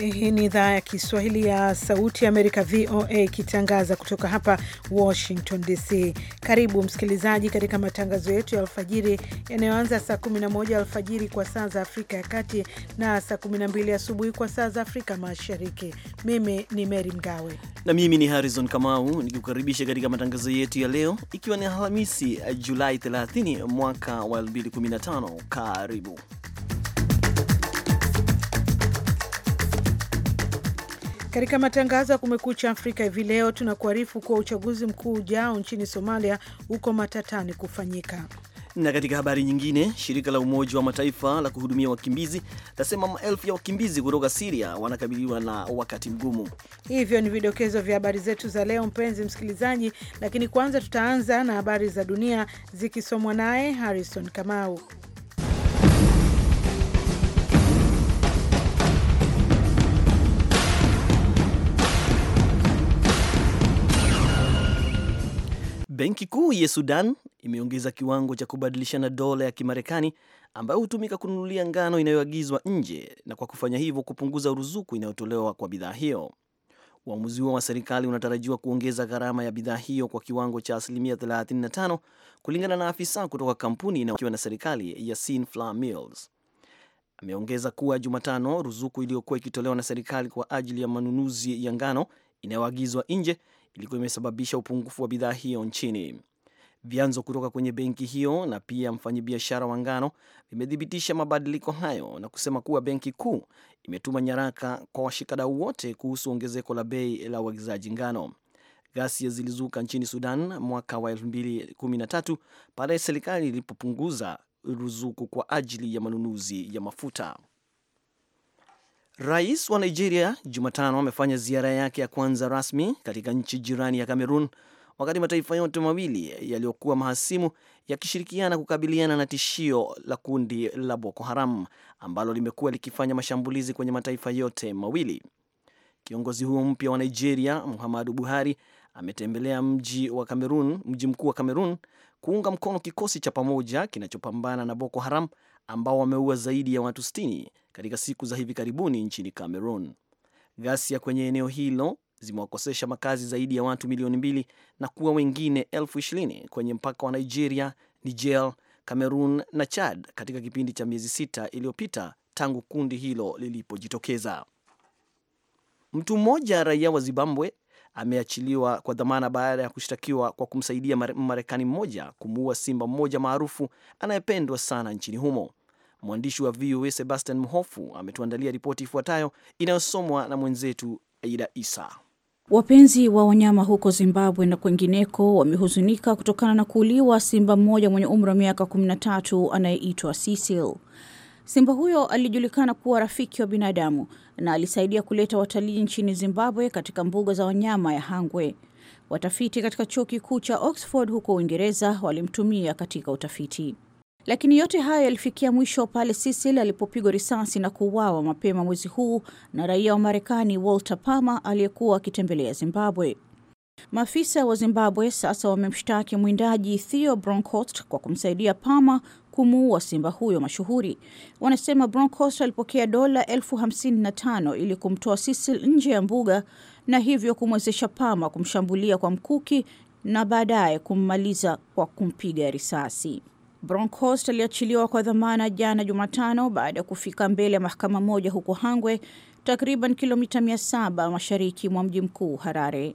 Hii ni idhaa ya Kiswahili ya Sauti ya Amerika, VOA, ikitangaza kutoka hapa Washington DC. Karibu msikilizaji katika matangazo yetu ya alfajiri yanayoanza saa 11 alfajiri kwa saa za Afrika ya Kati na saa 12 asubuhi kwa saa za Afrika Mashariki. Mimi ni Mary Mgawe na mimi ni Harrison Kamau nikikukaribisha katika matangazo yetu ya leo, ikiwa ni Alhamisi Julai 30 mwaka wa 2015. Karibu Katika matangazo ya Kumekucha Afrika hivi leo, tunakuarifu kuwa uchaguzi mkuu ujao nchini Somalia uko matatani kufanyika. Na katika habari nyingine, shirika la Umoja wa Mataifa la kuhudumia wakimbizi lasema maelfu ya wakimbizi kutoka Siria wanakabiliwa na wakati mgumu. Hivyo ni vidokezo vya habari zetu za leo, mpenzi msikilizaji, lakini kwanza tutaanza na habari za dunia zikisomwa naye Harrison Kamau. Benki Kuu ya Sudan imeongeza kiwango cha kubadilishana dola ya Kimarekani ambayo hutumika kununulia ngano inayoagizwa nje na kwa kufanya hivyo kupunguza ruzuku inayotolewa kwa bidhaa hiyo. Uamuzi huo wa serikali unatarajiwa kuongeza gharama ya bidhaa hiyo kwa kiwango cha asilimia 35 kulingana na afisa kutoka kampuni inayokiwa na serikali ya Mills. Ameongeza kuwa Jumatano, ruzuku iliyokuwa ikitolewa na serikali kwa ajili ya manunuzi ya ngano inayoagizwa nje ilikuwa imesababisha upungufu wa bidhaa hiyo nchini. Vyanzo kutoka kwenye benki hiyo na pia mfanyabiashara wa ngano vimethibitisha mabadiliko hayo na kusema kuwa benki kuu imetuma nyaraka kwa washikadau wote kuhusu ongezeko la bei la uagizaji ngano. Ghasia zilizuka nchini Sudan mwaka wa 2013 baada serikali ilipopunguza ruzuku kwa ajili ya manunuzi ya mafuta. Rais wa Nigeria Jumatano amefanya ziara yake ya kwanza rasmi katika nchi jirani ya cameron wakati mataifa yote mawili yaliyokuwa mahasimu yakishirikiana kukabiliana na tishio la kundi la Boko Haram ambalo limekuwa likifanya mashambulizi kwenye mataifa yote mawili. Kiongozi huo mpya wa Nigeria Muhammadu Buhari ametembelea mji wa Cameroon, mji mkuu wa cameron kuunga mkono kikosi cha pamoja kinachopambana na Boko Haram ambao wameua zaidi ya watu 60 katika siku za hivi karibuni nchini Cameroon. Ghasia kwenye eneo hilo zimewakosesha makazi zaidi ya watu milioni mbili na kuwa wengine elfu ishirini kwenye mpaka wa Nigeria, Niger, Cameroon na Chad katika kipindi cha miezi sita iliyopita tangu kundi hilo lilipojitokeza. Mtu mmoja raia wa Zimbabwe ameachiliwa kwa dhamana baada ya kushtakiwa kwa kumsaidia marekani mmoja kumuua simba mmoja maarufu anayependwa sana nchini humo. Mwandishi wa VOA Sebastian Mhofu ametuandalia ripoti ifuatayo inayosomwa na mwenzetu Aida Isa. Wapenzi wa wanyama huko Zimbabwe na kwengineko wamehuzunika kutokana na kuuliwa simba mmoja mwenye umri wa miaka 13 anayeitwa Cecil. Simba huyo alijulikana kuwa rafiki wa binadamu na alisaidia kuleta watalii nchini Zimbabwe katika mbuga za wanyama ya Hangwe. Watafiti katika chuo kikuu cha Oxford huko Uingereza walimtumia katika utafiti. Lakini yote hayo yalifikia mwisho pale sisil alipopigwa risasi na kuuawa mapema mwezi huu na raia wa Marekani Walter Palmer aliyekuwa akitembelea Zimbabwe. Maafisa wa Zimbabwe sasa wamemshtaki mwindaji Theo Bronkhorst kwa kumsaidia Palmer kumuua simba huyo mashuhuri. Wanasema Bronkhorst alipokea dola elfu hamsini na tano ili kumtoa Sisil nje ya mbuga na hivyo kumwezesha Palmer kumshambulia kwa mkuki na baadaye kummaliza kwa kumpiga risasi. Bronkhorst aliachiliwa kwa dhamana jana Jumatano baada ya kufika mbele ya mahakama moja huko Hangwe, takriban kilomita 700 mashariki mwa mji mkuu Harare.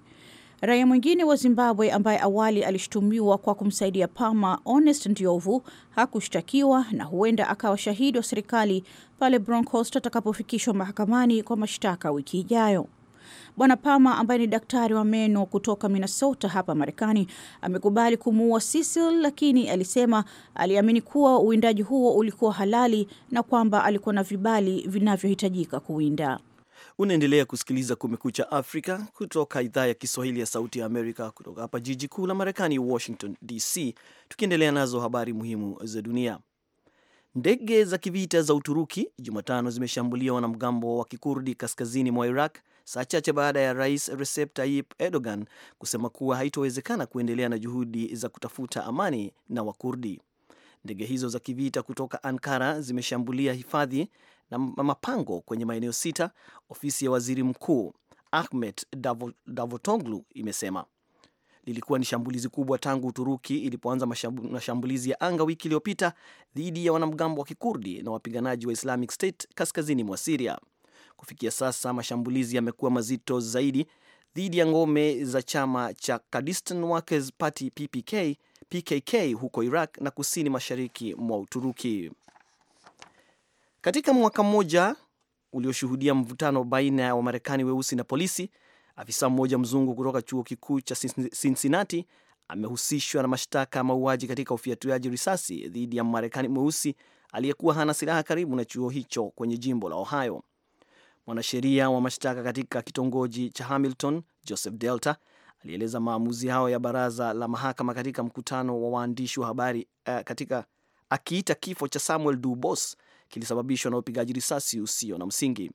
Raia mwingine wa Zimbabwe ambaye awali alishutumiwa kwa kumsaidia Pama, Honest Ndiovu, hakushtakiwa na huenda akawa shahidi wa serikali pale Bronkhorst atakapofikishwa mahakamani kwa mashtaka wiki ijayo. Bwana Palmer ambaye ni daktari wa meno kutoka Minnesota hapa Marekani amekubali kumuua Cecil, lakini alisema aliamini kuwa uwindaji huo ulikuwa halali na kwamba alikuwa na vibali vinavyohitajika kuwinda. Unaendelea kusikiliza Kumekucha Afrika kutoka idhaa ya Kiswahili ya Sauti ya Amerika, kutoka hapa jiji kuu la Marekani, Washington DC, tukiendelea nazo habari muhimu za dunia. Ndege za kivita za Uturuki Jumatano zimeshambulia wanamgambo wa kikurdi kaskazini mwa Iraq saa chache baada ya Rais Recep Tayyip Erdogan kusema kuwa haitowezekana kuendelea na juhudi za kutafuta amani na Wakurdi. Ndege hizo za kivita kutoka Ankara zimeshambulia hifadhi na mapango kwenye maeneo sita, ofisi ya waziri mkuu Ahmet Davutoglu imesema. Lilikuwa ni shambulizi kubwa tangu Uturuki ilipoanza mashambulizi ya anga wiki iliyopita dhidi ya wanamgambo wa Kikurdi na wapiganaji wa Islamic State kaskazini mwa Siria. Kufikia sasa mashambulizi yamekuwa mazito zaidi dhidi ya ngome za chama cha Kurdistan Workers Party PPK, PKK huko Iraq na kusini mashariki mwa Uturuki. Katika mwaka mmoja ulioshuhudia mvutano baina ya Wamarekani weusi na polisi, afisa mmoja mzungu kutoka chuo kikuu cha Cincinnati amehusishwa na mashtaka ya mauaji katika ufiatuaji risasi dhidi ya marekani mweusi aliyekuwa hana silaha karibu na chuo hicho kwenye jimbo la Ohio. Mwanasheria wa mashtaka katika kitongoji cha Hamilton, Joseph Delta, alieleza maamuzi hayo ya baraza la mahakama katika mkutano wa waandishi wa habari uh, katika akiita kifo cha Samuel Dubos kilisababishwa na upigaji risasi usio na msingi.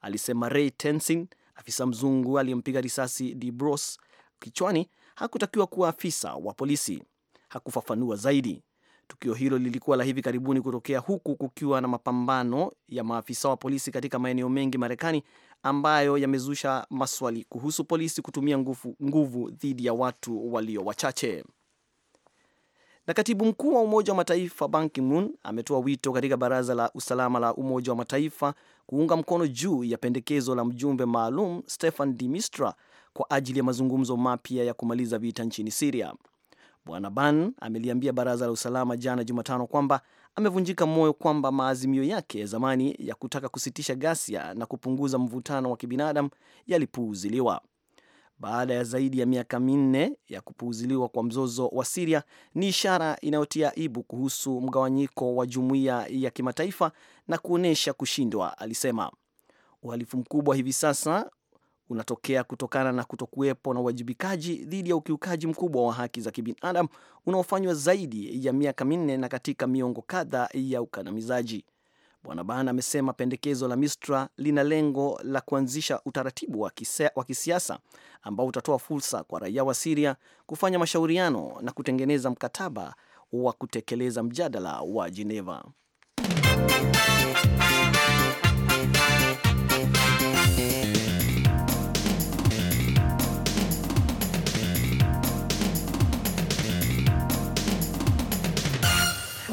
Alisema Ray tensin afisa mzungu aliyempiga risasi Dubos kichwani, hakutakiwa kuwa afisa wa polisi. Hakufafanua zaidi. Tukio hilo lilikuwa la hivi karibuni kutokea huku kukiwa na mapambano ya maafisa wa polisi katika maeneo mengi Marekani ambayo yamezusha maswali kuhusu polisi kutumia nguvu, nguvu dhidi ya watu walio wachache. Na katibu mkuu wa Umoja wa Mataifa Ban Ki-moon ametoa wito katika Baraza la Usalama la Umoja wa Mataifa kuunga mkono juu ya pendekezo la mjumbe maalum Stefan de Mistura kwa ajili ya mazungumzo mapya ya kumaliza vita nchini Siria. Bwana Ban ameliambia baraza la usalama jana Jumatano kwamba amevunjika moyo kwamba maazimio yake ya zamani ya kutaka kusitisha ghasia na kupunguza mvutano wa kibinadamu yalipuuziliwa. Baada ya zaidi ya miaka minne ya kupuuziliwa kwa mzozo wa Siria ni ishara inayotia aibu kuhusu mgawanyiko wa jumuiya ya kimataifa na kuonyesha kushindwa, alisema. Uhalifu mkubwa hivi sasa unatokea kutokana na kutokuwepo na uwajibikaji dhidi ya ukiukaji mkubwa wa haki za kibinadamu unaofanywa zaidi ya miaka minne na katika miongo kadhaa ya ukandamizaji. Bwana Ban amesema pendekezo la MISTRA lina lengo la kuanzisha utaratibu wa, wa kisiasa ambao utatoa fursa kwa raia wa Siria kufanya mashauriano na kutengeneza mkataba wa kutekeleza mjadala wa jeneva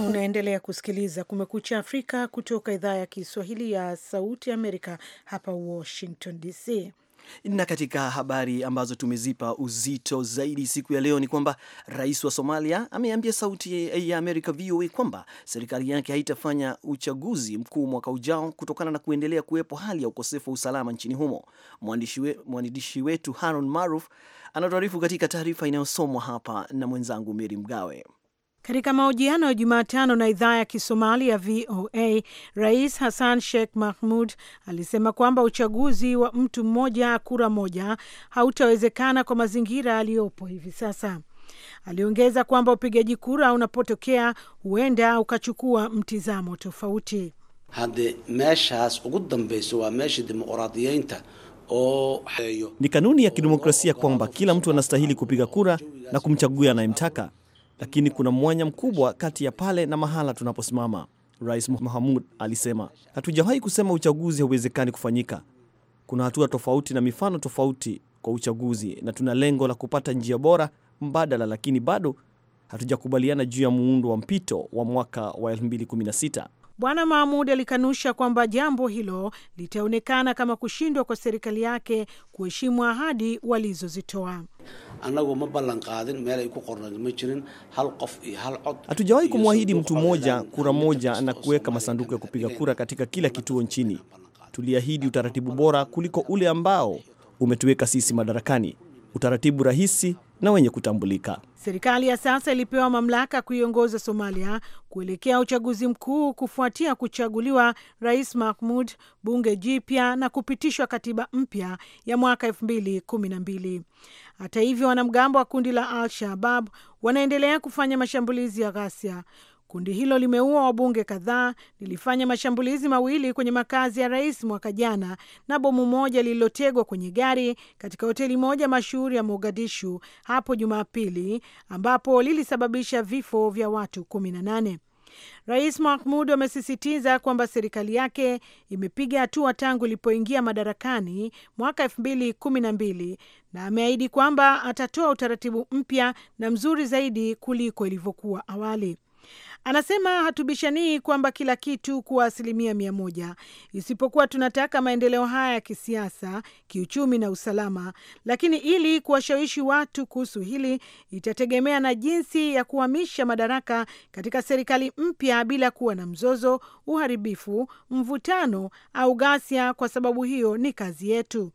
Unaendelea kusikiliza Kumekucha Afrika kutoka idhaa ya Kiswahili ya Sauti Amerika, hapa Washington DC. Na katika habari ambazo tumezipa uzito zaidi siku ya leo ni kwamba rais wa Somalia ameambia Sauti ya Amerika VOA kwamba serikali yake haitafanya uchaguzi mkuu mwaka ujao kutokana na kuendelea kuwepo hali ya ukosefu wa usalama nchini humo. Mwandishi we, mwandishi wetu Haron Maruf anatuarifu katika taarifa inayosomwa hapa na mwenzangu Meri Mgawe. Katika mahojiano ya Jumatano na idhaa ya Kisomali ya VOA, Rais Hassan Sheikh Mahmud alisema kwamba uchaguzi wa mtu mmoja kura moja hautawezekana kwa mazingira yaliyopo hivi sasa. Aliongeza kwamba upigaji kura unapotokea huenda ukachukua mtizamo tofauti. hadi meeshaas ugu dambeyso waa meesha dimuqraadiyeynta oh, ni kanuni ya kidemokrasia kwamba kila mtu anastahili kupiga kura na kumchagua anayemtaka lakini kuna mwanya mkubwa kati ya pale na mahala tunaposimama. Rais Mahamud alisema, hatujawahi kusema uchaguzi hauwezekani kufanyika. Kuna hatua tofauti na mifano tofauti kwa uchaguzi, na tuna lengo la kupata njia bora mbadala, lakini bado hatujakubaliana juu ya muundo wa mpito wa mwaka wa 2016. Bwana Mahmud alikanusha kwamba jambo hilo litaonekana kama kushindwa kwa serikali yake kuheshimu ahadi walizozitoa anagu ma ballan qaadin meel ay ku qornayd ma jirin hal qof iyo hal cod. Hatujawahi kumwahidi mtu mmoja kura moja na kuweka masanduku ya kupiga kura katika kila kituo nchini. Tuliahidi utaratibu bora kuliko ule ambao umetuweka sisi madarakani, utaratibu rahisi na wenye kutambulika. Serikali ya sasa ilipewa mamlaka kuiongoza Somalia kuelekea uchaguzi mkuu kufuatia kuchaguliwa Rais Mahmud, bunge jipya na kupitishwa katiba mpya ya mwaka elfu mbili kumi na mbili. Hata hivyo, wanamgambo wa kundi la Al Shabab wanaendelea kufanya mashambulizi ya ghasia. Kundi hilo limeua wabunge kadhaa, lilifanya mashambulizi mawili kwenye makazi ya rais mwaka jana na bomu moja lililotegwa kwenye gari katika hoteli moja mashuhuri ya Mogadishu hapo Jumapili, ambapo lilisababisha vifo vya watu kumi na nane Rais Mahmud amesisitiza kwamba serikali yake imepiga hatua tangu ilipoingia madarakani mwaka elfu mbili kumi na mbili na ameahidi kwamba atatoa utaratibu mpya na mzuri zaidi kuliko ilivyokuwa awali. Anasema hatubishanii kwamba kila kitu kuwa asilimia mia moja, isipokuwa tunataka maendeleo haya ya kisiasa, kiuchumi na usalama, lakini ili kuwashawishi watu kuhusu hili itategemea na jinsi ya kuhamisha madaraka katika serikali mpya bila kuwa na mzozo, uharibifu, mvutano au ghasia, kwa sababu hiyo ni kazi yetu.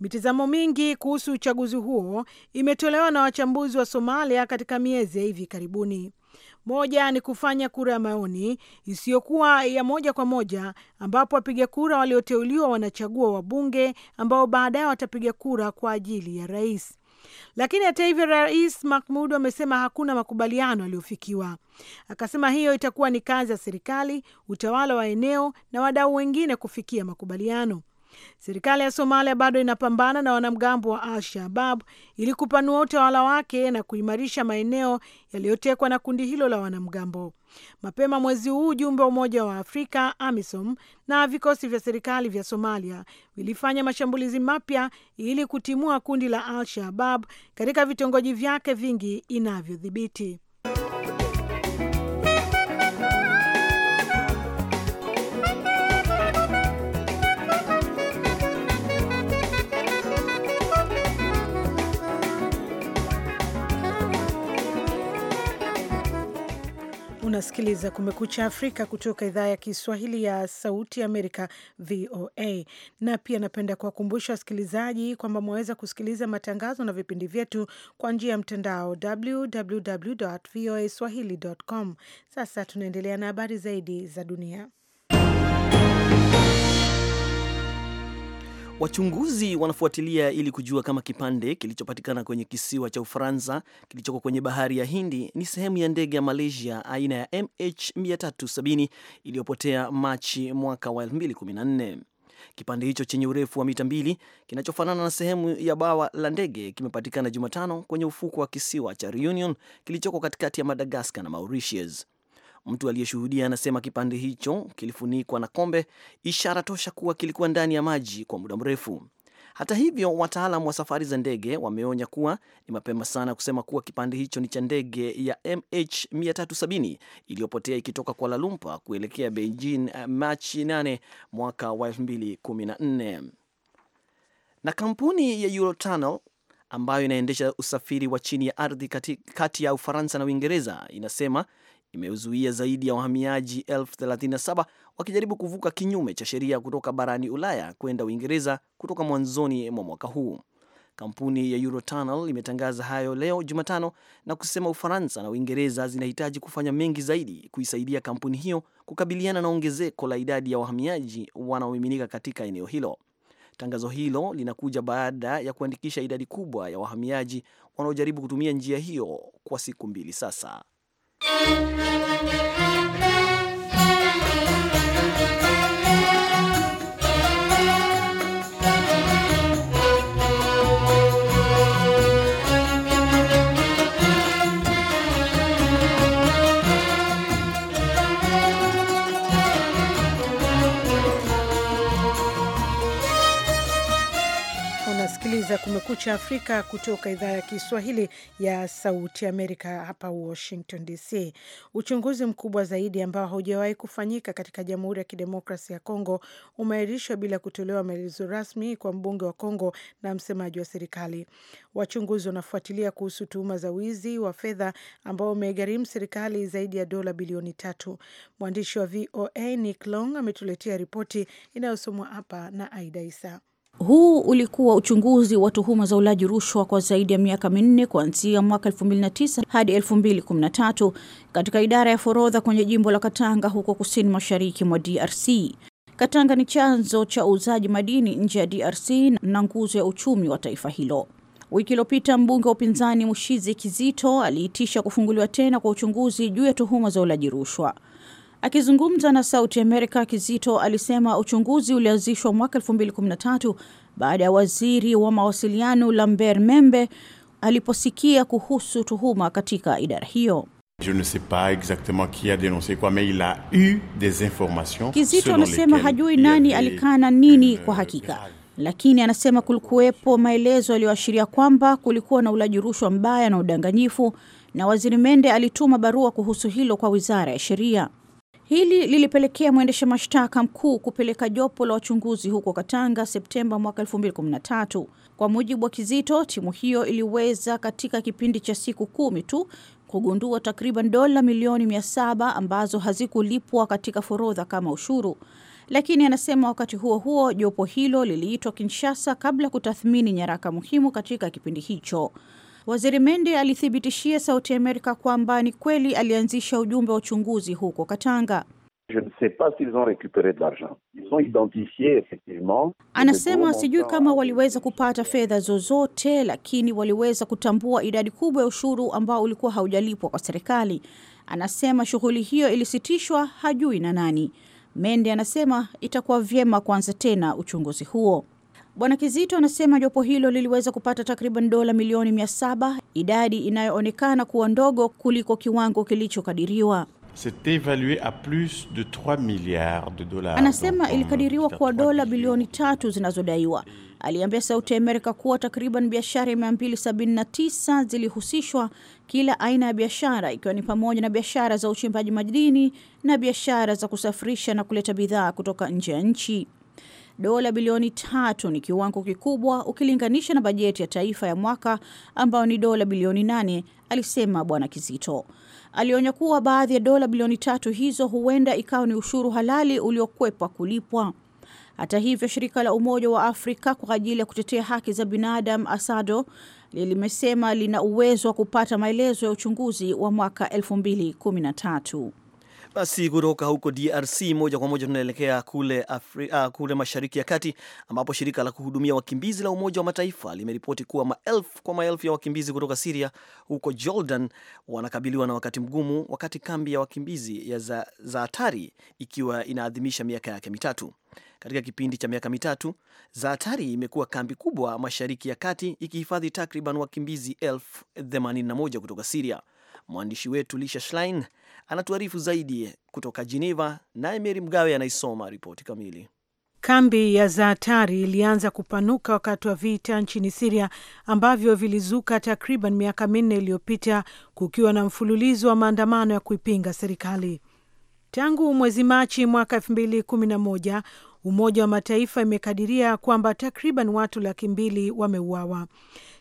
Mitazamo mingi kuhusu uchaguzi huo imetolewa na wachambuzi wa Somalia katika miezi ya hivi karibuni. Moja ni kufanya kura ya maoni isiyokuwa ya moja kwa moja, ambapo wapiga kura walioteuliwa wanachagua wabunge ambao baadaye watapiga kura kwa ajili ya rais. Lakini hata hivyo, Rais Mahmud amesema hakuna makubaliano yaliyofikiwa. Akasema hiyo itakuwa ni kazi ya serikali, utawala wa eneo na wadau wengine kufikia makubaliano. Serikali ya Somalia bado inapambana na wanamgambo wa Al Shabab ili kupanua utawala wake na kuimarisha maeneo yaliyotekwa na kundi hilo la wanamgambo. Mapema mwezi huu ujumbe wa Umoja wa Afrika AMISOM na vikosi vya serikali vya Somalia vilifanya mashambulizi mapya ili kutimua kundi la Al Shabab katika vitongoji vyake vingi inavyodhibiti. Unasikiliza Kumekucha Afrika kutoka idhaa ya Kiswahili ya Sauti Amerika, VOA. Na pia napenda kuwakumbusha wasikilizaji kwamba mwaweza kusikiliza matangazo na vipindi vyetu kwa njia ya mtandao www voa swahili com. Sasa tunaendelea na habari zaidi za dunia. Wachunguzi wanafuatilia ili kujua kama kipande kilichopatikana kwenye kisiwa cha Ufaransa kilichoko kwenye bahari ya Hindi ni sehemu ya ndege ya Malaysia aina ya MH370 iliyopotea Machi mwaka wa 2014. Kipande hicho chenye urefu wa mita mbili kinachofanana na sehemu ya bawa la ndege kimepatikana Jumatano kwenye ufuko wa kisiwa cha Reunion kilichoko katikati ya Madagaskar na Mauritius. Mtu aliyeshuhudia anasema kipande hicho kilifunikwa na kombe, ishara tosha kuwa kilikuwa ndani ya maji kwa muda mrefu. Hata hivyo, wataalam wa safari za ndege wameonya kuwa ni mapema sana kusema kuwa kipande hicho ni cha ndege ya MH370 iliyopotea ikitoka Kuala Lumpur kuelekea Beijing eh, Machi 8 mwaka wa 2014. Na kampuni ya Eurotunnel ambayo inaendesha usafiri wa chini ya ardhi kati ya Ufaransa na Uingereza inasema imeuzuia zaidi ya wahamiaji 37 wakijaribu kuvuka kinyume cha sheria kutoka barani Ulaya kwenda Uingereza kutoka mwanzoni mwa mwaka huu. Kampuni ya Eurotunnel imetangaza hayo leo Jumatano na kusema Ufaransa na Uingereza zinahitaji kufanya mengi zaidi kuisaidia kampuni hiyo kukabiliana na ongezeko la idadi ya wahamiaji wanaomiminika katika eneo hilo. Tangazo hilo linakuja baada ya kuandikisha idadi kubwa ya wahamiaji wanaojaribu kutumia njia hiyo kwa siku mbili sasa. Thank you. Unasikiliza Kumekucha Afrika kutoka idhaa ya Kiswahili ya Sauti Amerika hapa Washington DC. Uchunguzi mkubwa zaidi ambao haujawahi kufanyika katika Jamhuri ya Kidemokrasi ya Kongo umeahirishwa bila kutolewa maelezo rasmi kwa mbunge wa Kongo na msemaji wa serikali. Wachunguzi wanafuatilia kuhusu tuhuma za wizi wa fedha ambao umegharimu serikali zaidi ya dola bilioni tatu. Mwandishi wa VOA Nick Long ametuletea ripoti inayosomwa hapa na Aida Isa. Huu ulikuwa uchunguzi wa tuhuma za ulaji rushwa kwa zaidi ya miaka minne kuanzia mwaka 2009 hadi 2013 katika idara ya forodha kwenye jimbo la Katanga huko kusini mashariki mwa DRC. Katanga ni chanzo cha uuzaji madini nje ya DRC na nguzo ya uchumi wa taifa hilo. Wiki iliyopita mbunge wa upinzani Mushizi Kizito aliitisha kufunguliwa tena kwa uchunguzi juu ya tuhuma za ulaji rushwa. Akizungumza na Sauti Amerika, Kizito alisema uchunguzi ulianzishwa mwaka 2013 baada ya waziri wa mawasiliano Lambert Membe aliposikia kuhusu tuhuma katika idara hiyo. Je ne sais pas exactement qui a denonce quoi mais il a eu des informations. Kizito anasema hajui nani alikana nini kwa hakika, lakini anasema kulikuwepo maelezo yaliyoashiria kwamba kulikuwa na ulaji rushwa mbaya na udanganyifu, na waziri Mende alituma barua kuhusu hilo kwa wizara ya sheria. Hili lilipelekea mwendesha mashtaka mkuu kupeleka jopo la wachunguzi huko Katanga Septemba mwaka 2013. Kwa mujibu wa Kizito, timu hiyo iliweza katika kipindi cha siku kumi tu kugundua takriban dola milioni mia saba ambazo hazikulipwa katika forodha kama ushuru. Lakini anasema wakati huo huo jopo hilo liliitwa Kinshasa kabla kutathmini nyaraka muhimu katika kipindi hicho. Waziri Mende alithibitishia Sauti Amerika kwamba ni kweli alianzisha ujumbe wa uchunguzi huko Katanga. Anasema sijui kama waliweza kupata fedha zozote, lakini waliweza kutambua idadi kubwa ya ushuru ambao ulikuwa haujalipwa kwa serikali. Anasema shughuli hiyo ilisitishwa, hajui na nani. Mende anasema itakuwa vyema kuanza tena uchunguzi huo. Bwana Kizito anasema jopo hilo liliweza kupata takriban dola milioni mia saba, idadi inayoonekana kuwa ndogo kuliko kiwango kilichokadiriwa. Anasema ilikadiriwa kuwa dola bilioni tatu zinazodaiwa. Aliambia Sauti ya Amerika kuwa takriban biashara 279 zilihusishwa, kila aina ya biashara ikiwa ni pamoja na biashara za uchimbaji madini na biashara za kusafirisha na kuleta bidhaa kutoka nje ya nchi dola bilioni tatu ni kiwango kikubwa ukilinganisha na bajeti ya taifa ya mwaka ambayo ni dola bilioni nane, alisema Bwana Kizito. Alionya kuwa baadhi ya dola bilioni tatu hizo huenda ikawa ni ushuru halali uliokwepwa kulipwa. Hata hivyo, shirika la Umoja wa Afrika kwa ajili ya kutetea haki za binadamu ASADO limesema lina uwezo wa kupata maelezo ya uchunguzi wa mwaka 2013. Basi kutoka huko DRC moja kwa moja tunaelekea kule, uh, kule Mashariki ya Kati ambapo shirika la kuhudumia wakimbizi la Umoja wa Mataifa limeripoti kuwa maelfu kwa maelfu ya wakimbizi kutoka Siria huko Jordan wanakabiliwa na wakati mgumu, wakati kambi ya wakimbizi ya za, za hatari ikiwa inaadhimisha miaka yake mitatu. Katika kipindi cha miaka mitatu, Zaatari imekuwa kambi kubwa Mashariki ya Kati ikihifadhi takriban wakimbizi elfu kutoka Siria. Mwandishi wetu Lisha Schlein anatuarifu zaidi kutoka Geneva, naye Meri Mgawe anaisoma ripoti kamili. Kambi ya Zaatari ilianza kupanuka wakati wa vita nchini Siria ambavyo vilizuka takriban miaka minne iliyopita, kukiwa na mfululizo wa maandamano ya kuipinga serikali. Tangu mwezi Machi mwaka elfu mbili kumi na moja, Umoja wa Mataifa imekadiria kwamba takriban watu laki mbili wameuawa.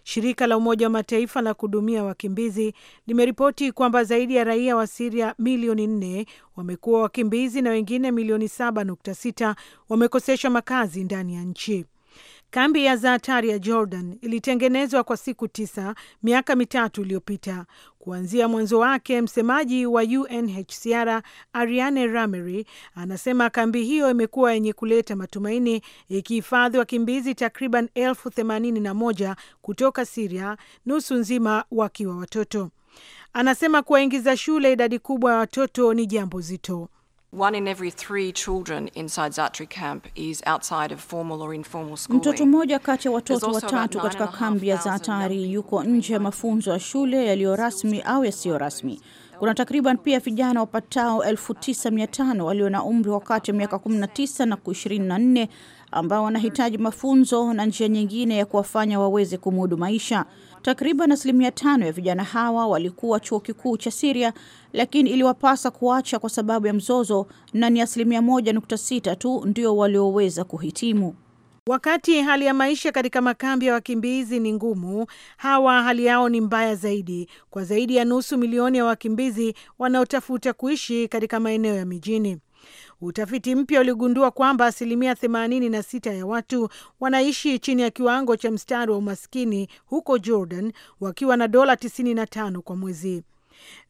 Shirika la Umoja wa Mataifa la kuhudumia wakimbizi limeripoti kwamba zaidi ya raia wa Siria milioni nne wamekuwa wakimbizi na wengine milioni 7.6 wamekoseshwa makazi ndani ya nchi. Kambi ya Zaatari ya Jordan ilitengenezwa kwa siku tisa miaka mitatu iliyopita. Kuanzia mwanzo wake, msemaji wa UNHCR Ariane ramery anasema kambi hiyo imekuwa yenye kuleta matumaini, ikihifadhi wakimbizi takriban elfu themanini na moja kutoka Siria, nusu nzima wakiwa watoto. Anasema kuwaingiza shule idadi kubwa ya watoto ni jambo zito. One in every three children inside Zatri camp is outside of formal or informal schooling. Mtoto mmoja kati ya watoto watatu katika kambi ya Zatari yuko nje ya mafunzo ya shule yaliyo rasmi au yasiyo rasmi. Kuna takriban pia vijana wapatao 9500 walio na umri wa kati ya miaka 19 na 24 ambao wanahitaji mafunzo na njia nyingine ya kuwafanya waweze kumudu maisha. Takriban asilimia tano ya vijana hawa walikuwa chuo kikuu cha Siria, lakini iliwapasa kuacha kwa sababu ya mzozo, na ni asilimia moja nukta sita tu ndio walioweza kuhitimu. Wakati hali ya maisha katika makambi ya wakimbizi ni ngumu, hawa hali yao ni mbaya zaidi, kwa zaidi ya nusu milioni ya wakimbizi wanaotafuta kuishi katika maeneo ya mijini. Utafiti mpya uligundua kwamba asilimia 86 ya watu wanaishi chini ya kiwango cha mstari wa umaskini huko Jordan wakiwa na dola 95 kwa mwezi.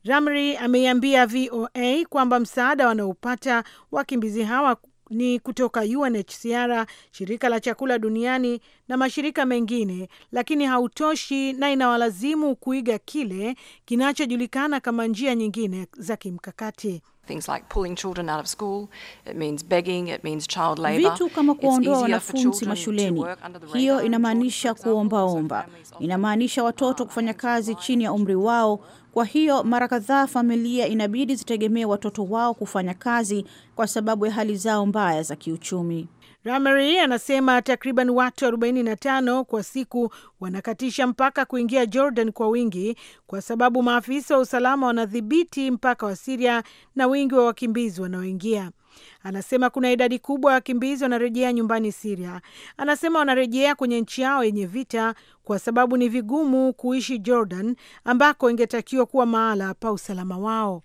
Ramri ameiambia VOA kwamba msaada wanaopata wakimbizi hawa ni kutoka UNHCR, shirika la chakula duniani na mashirika mengine, lakini hautoshi na inawalazimu kuiga kile kinachojulikana kama njia nyingine za kimkakati. Things like pulling children out of school, it means begging, it means child labor. Vitu kama kuwaondoa wanafunzi mashuleni, hiyo inamaanisha kuombaomba, inamaanisha watoto kufanya kazi chini ya umri wao. Kwa hiyo mara kadhaa familia inabidi zitegemee watoto wao kufanya kazi kwa sababu ya hali zao mbaya za kiuchumi. Ramare anasema takriban watu 45 kwa siku wanakatisha mpaka kuingia Jordan kwa wingi kwa sababu maafisa wa usalama wanadhibiti mpaka wa Siria na wingi wa wakimbizi wanaoingia. Anasema kuna idadi kubwa ya wakimbizi wanarejea nyumbani Siria. Anasema wanarejea kwenye nchi yao yenye vita kwa sababu ni vigumu kuishi Jordan ambako ingetakiwa kuwa mahala pa usalama wao.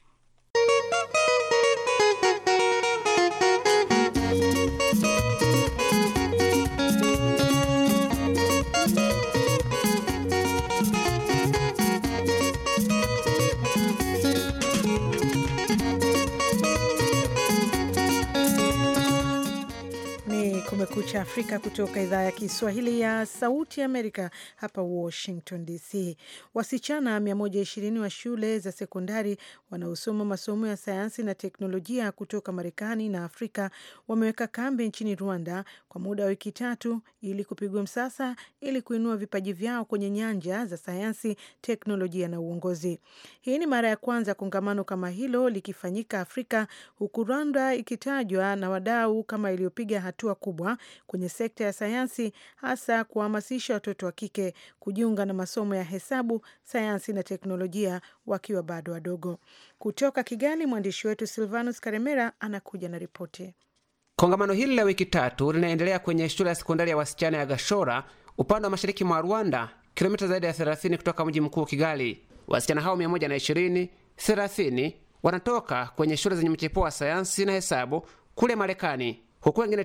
Kumekucha Afrika kutoka idhaa ya Kiswahili ya Sauti ya Amerika hapa Washington DC. Wasichana 120 wa shule za sekondari wanaosoma masomo ya sayansi na teknolojia kutoka Marekani na Afrika wameweka kambi nchini Rwanda kwa muda wa wiki tatu ili kupigwa msasa ili kuinua vipaji vyao kwenye nyanja za sayansi, teknolojia na uongozi. Hii ni mara ya kwanza kongamano kama hilo likifanyika Afrika, huku Rwanda ikitajwa na wadau kama iliyopiga hatua kubwa kwenye sekta ya sayansi, hasa kuwahamasisha watoto wa kike kujiunga na masomo ya hesabu, sayansi na teknolojia wakiwa bado wadogo. Kutoka Kigali, mwandishi wetu Silvanus Karemera anakuja na ripoti. Kongamano hili la wiki tatu linaendelea kwenye shule ya sekondari ya wasichana ya Gashora, upande wa mashariki mwa Rwanda, kilomita zaidi ya 30 kutoka mji mkuu Kigali. Wasichana hao 120 30 wanatoka kwenye shule zenye mchepuo wa sayansi na hesabu kule Marekani, huku wengine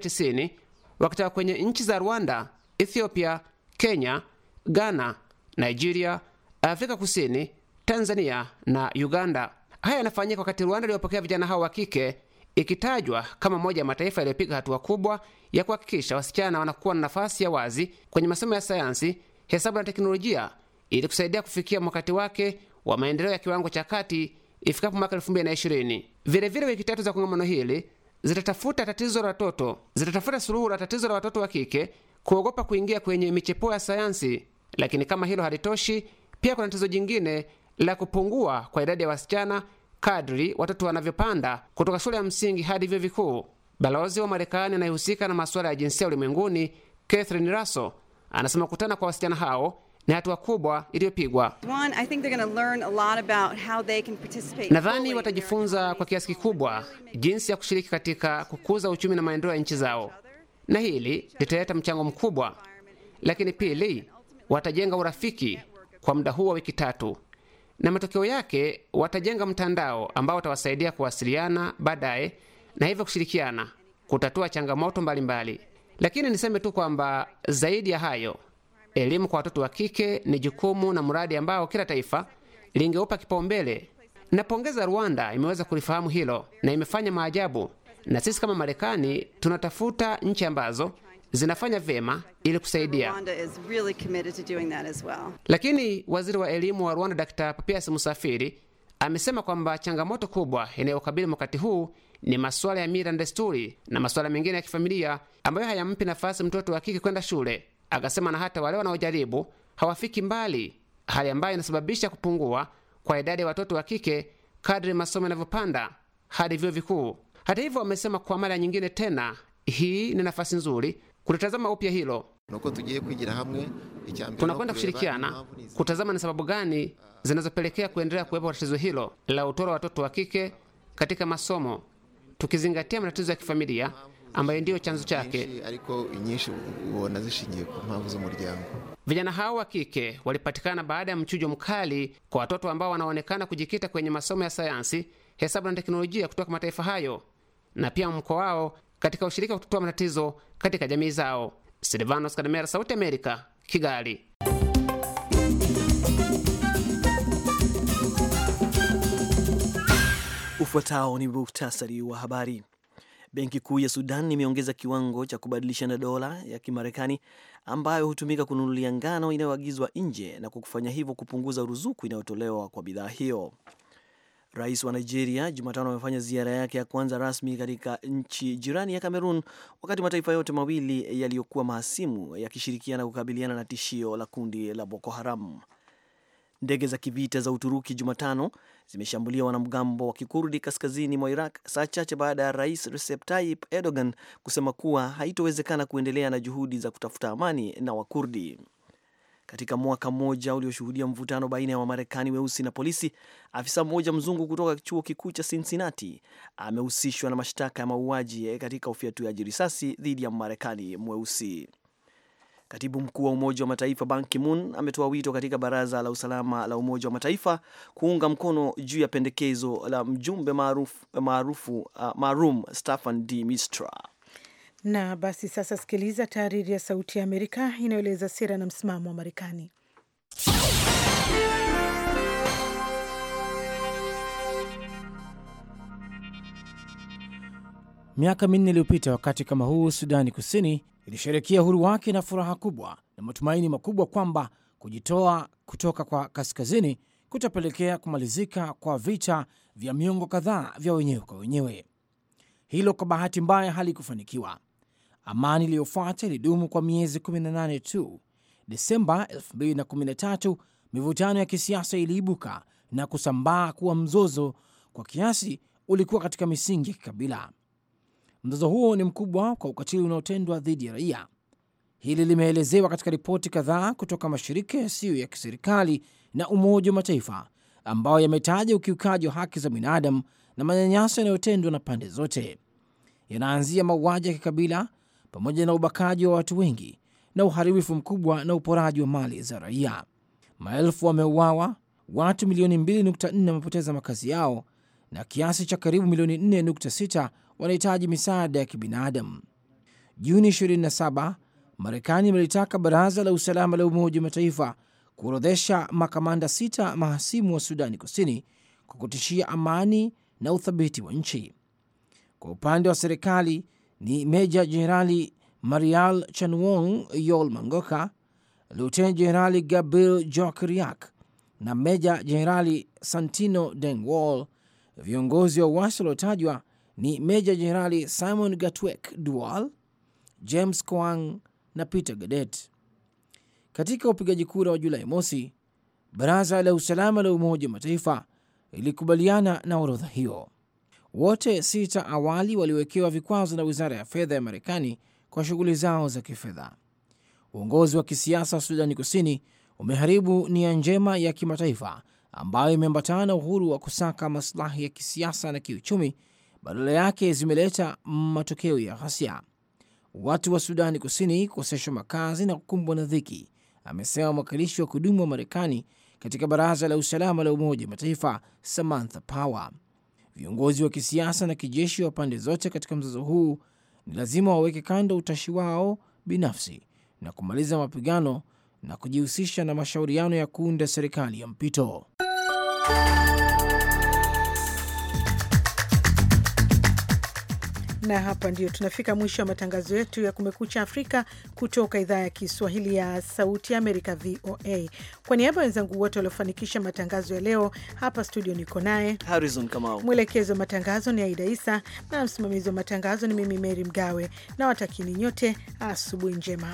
wakitoka kwenye nchi za Rwanda, Ethiopia, Kenya, Ghana, Nigeria, Afrika Kusini, Tanzania na Uganda. Haya yanafanyika wakati Rwanda iliyopokea vijana hao wa kike ikitajwa kama moja ya mataifa yaliyopiga hatua kubwa ya kuhakikisha wasichana wanakuwa na nafasi ya wazi kwenye masomo ya sayansi, hesabu na teknolojia ili kusaidia kufikia mwakati wake wa maendeleo ya kiwango cha kati ifikapo mwaka 2020. Vilevile, wiki tatu za kongamano hili zitatafuta tatizo la watoto, zitatafuta suluhu la tatizo la watoto wa kike kuogopa kuingia kwenye michepuo ya sayansi. Lakini kama hilo halitoshi, pia kuna tatizo jingine la kupungua kwa idadi ya wasichana kadri watoto wanavyopanda kutoka shule ya msingi hadi vyuo vikuu. Balozi wa Marekani anayehusika na masuala ya jinsia ulimwenguni Catherine Russell anasema kukutana kwa wasichana hao ni hatua kubwa iliyopigwa. Nadhani watajifunza kwa kiasi kikubwa jinsi ya kushiriki katika kukuza uchumi na maendeleo ya nchi zao, na hili litaleta mchango mkubwa. Lakini pili, watajenga urafiki kwa muda huu wa wiki tatu, na matokeo yake watajenga mtandao ambao utawasaidia kuwasiliana baadaye na hivyo kushirikiana kutatua changamoto mbalimbali mbali. Lakini niseme tu kwamba zaidi ya hayo Elimu kwa watoto wa kike ni jukumu na mradi ambao kila taifa lingeupa kipaumbele. Napongeza Rwanda imeweza kulifahamu hilo na imefanya maajabu, na sisi kama Marekani tunatafuta nchi ambazo zinafanya vyema ili kusaidia really well. Lakini waziri wa elimu wa Rwanda Dr. Papias Musafiri amesema kwamba changamoto kubwa inayokabili wakati huu ni masuala ya mila na desturi na masuala mengine ya kifamilia ambayo hayampi nafasi mtoto wa kike kwenda shule. Akasema na hata wale wanaojaribu hawafiki mbali, hali ambayo inasababisha kupungua kwa idadi ya watoto wa kike kadri masomo yanavyopanda hadi vyuo vikuu. Hata hivyo, wamesema kwa mara nyingine tena, hii ni nafasi nzuri kulitazama upya hilo. Tunakwenda kushirikiana kutazama ni sababu gani zinazopelekea kuendelea kuwepo tatizo hilo la utoro wa watoto wa kike katika masomo, tukizingatia matatizo ya kifamilia ambayo ndiyo chanzo chake. Vijana hao wa kike walipatikana baada ya mchujo mkali kwa watoto ambao wanaonekana kujikita kwenye masomo ya sayansi, hesabu na teknolojia kutoka mataifa hayo na pia mkoa wao katika ushiriki wa kutotoa matatizo katika jamii zao. Silvanos Kademera, Sauti Amerika, Kigali. Ufuatao ni muktasari wa habari. Benki Kuu ya Sudan imeongeza kiwango cha kubadilishana dola ya Kimarekani ambayo hutumika kununulia ngano inayoagizwa nje na kwa kufanya hivyo kupunguza ruzuku inayotolewa kwa bidhaa hiyo. Rais wa Nigeria Jumatano amefanya ziara yake ya kwanza rasmi katika nchi jirani ya Cameroon, wakati mataifa yote mawili yaliyokuwa mahasimu yakishirikiana kukabiliana na tishio la kundi la Boko Haram. Ndege za kivita za Uturuki Jumatano zimeshambulia wanamgambo wa kikurdi kaskazini mwa Iraq saa chache baada ya rais Recep Tayyip Erdogan kusema kuwa haitowezekana kuendelea na juhudi za kutafuta amani na Wakurdi. Katika mwaka mmoja ulioshuhudia mvutano baina ya Wamarekani weusi na polisi, afisa mmoja mzungu kutoka chuo kikuu cha Cincinnati amehusishwa na mashtaka ya mauaji katika ufiatuaji risasi dhidi ya marekani mweusi. Katibu mkuu wa Umoja wa Mataifa Ban Ki-moon ametoa wito katika Baraza la Usalama la Umoja wa Mataifa kuunga mkono juu ya pendekezo la mjumbe maarufu ah, maalum Staffan de Mistura. Na basi sasa sikiliza tahariri ya Sauti ya Amerika inayoeleza sera na msimamo wa Marekani. Miaka minne iliyopita wakati kama huu, Sudani Kusini ilisherekea uhuru wake na furaha kubwa na matumaini makubwa kwamba kujitoa kutoka kwa kaskazini kutapelekea kumalizika kwa vita vya miongo kadhaa vya wenyewe kwa wenyewe. Hilo kwa bahati mbaya halikufanikiwa. Amani iliyofuata ilidumu kwa miezi 18 tu. Desemba 2013 mivutano ya kisiasa iliibuka na kusambaa kuwa mzozo kwa kiasi ulikuwa katika misingi ya kikabila. Mzozo huo ni mkubwa kwa ukatili unaotendwa dhidi ya raia. Hili limeelezewa katika ripoti kadhaa kutoka mashirika yasiyo ya kiserikali na Umoja wa Mataifa ambayo yametaja ukiukaji wa haki za binadamu na manyanyaso yanayotendwa na pande zote. Yanaanzia mauaji ya kikabila pamoja na ubakaji wa watu wengi na uharibifu mkubwa na uporaji wa mali za raia. Maelfu wameuawa, watu milioni 2.4 wamepoteza makazi yao na kiasi cha karibu milioni 4.6 wanahitaji misaada ya kibinadamu. Juni 27 Marekani imelitaka baraza la usalama la Umoja wa Mataifa kuorodhesha makamanda sita mahasimu wa Sudani Kusini kwa kutishia amani na uthabiti wa nchi. Kwa upande wa serikali ni meja jenerali Marial Chanwong Yol Mangoka, luten jenerali Gabriel Jokriak na meja jenerali Santino Dengwall, viongozi wa wasi waliotajwa ni Meja Jenerali Simon Gatwek Dual, James Koang na Peter Gadet. Katika upigaji kura wa Julai mosi, Baraza la Usalama la Umoja wa Mataifa lilikubaliana na orodha hiyo. Wote sita awali waliwekewa vikwazo na wizara ya fedha ya Marekani kwa shughuli zao za kifedha. Uongozi wa kisiasa wa Sudani Kusini umeharibu nia njema ya kimataifa ambayo imeambatana na uhuru wa kusaka maslahi ya kisiasa na kiuchumi badala yake zimeleta matokeo ya ghasia, watu wa Sudani Kusini kukoseshwa makazi na kukumbwa na dhiki, amesema mwakilishi wa kudumu wa Marekani katika Baraza la Usalama la Umoja wa Mataifa Samantha Power. Viongozi wa kisiasa na kijeshi wa pande zote katika mzozo huu ni lazima waweke kando utashi wao binafsi na kumaliza mapigano na kujihusisha na mashauriano ya kuunda serikali ya mpito. Na hapa ndio tunafika mwisho wa matangazo yetu ya Kumekucha Afrika kutoka idhaa ya Kiswahili ya Sauti Amerika, VOA. Kwa niaba ya wenzangu wote waliofanikisha matangazo ya leo, hapa studio niko naye Harrison Kamau, mwelekezi wa matangazo ni Aida Isa na msimamizi wa matangazo ni mimi Meri Mgawe, na watakini nyote asubuhi njema.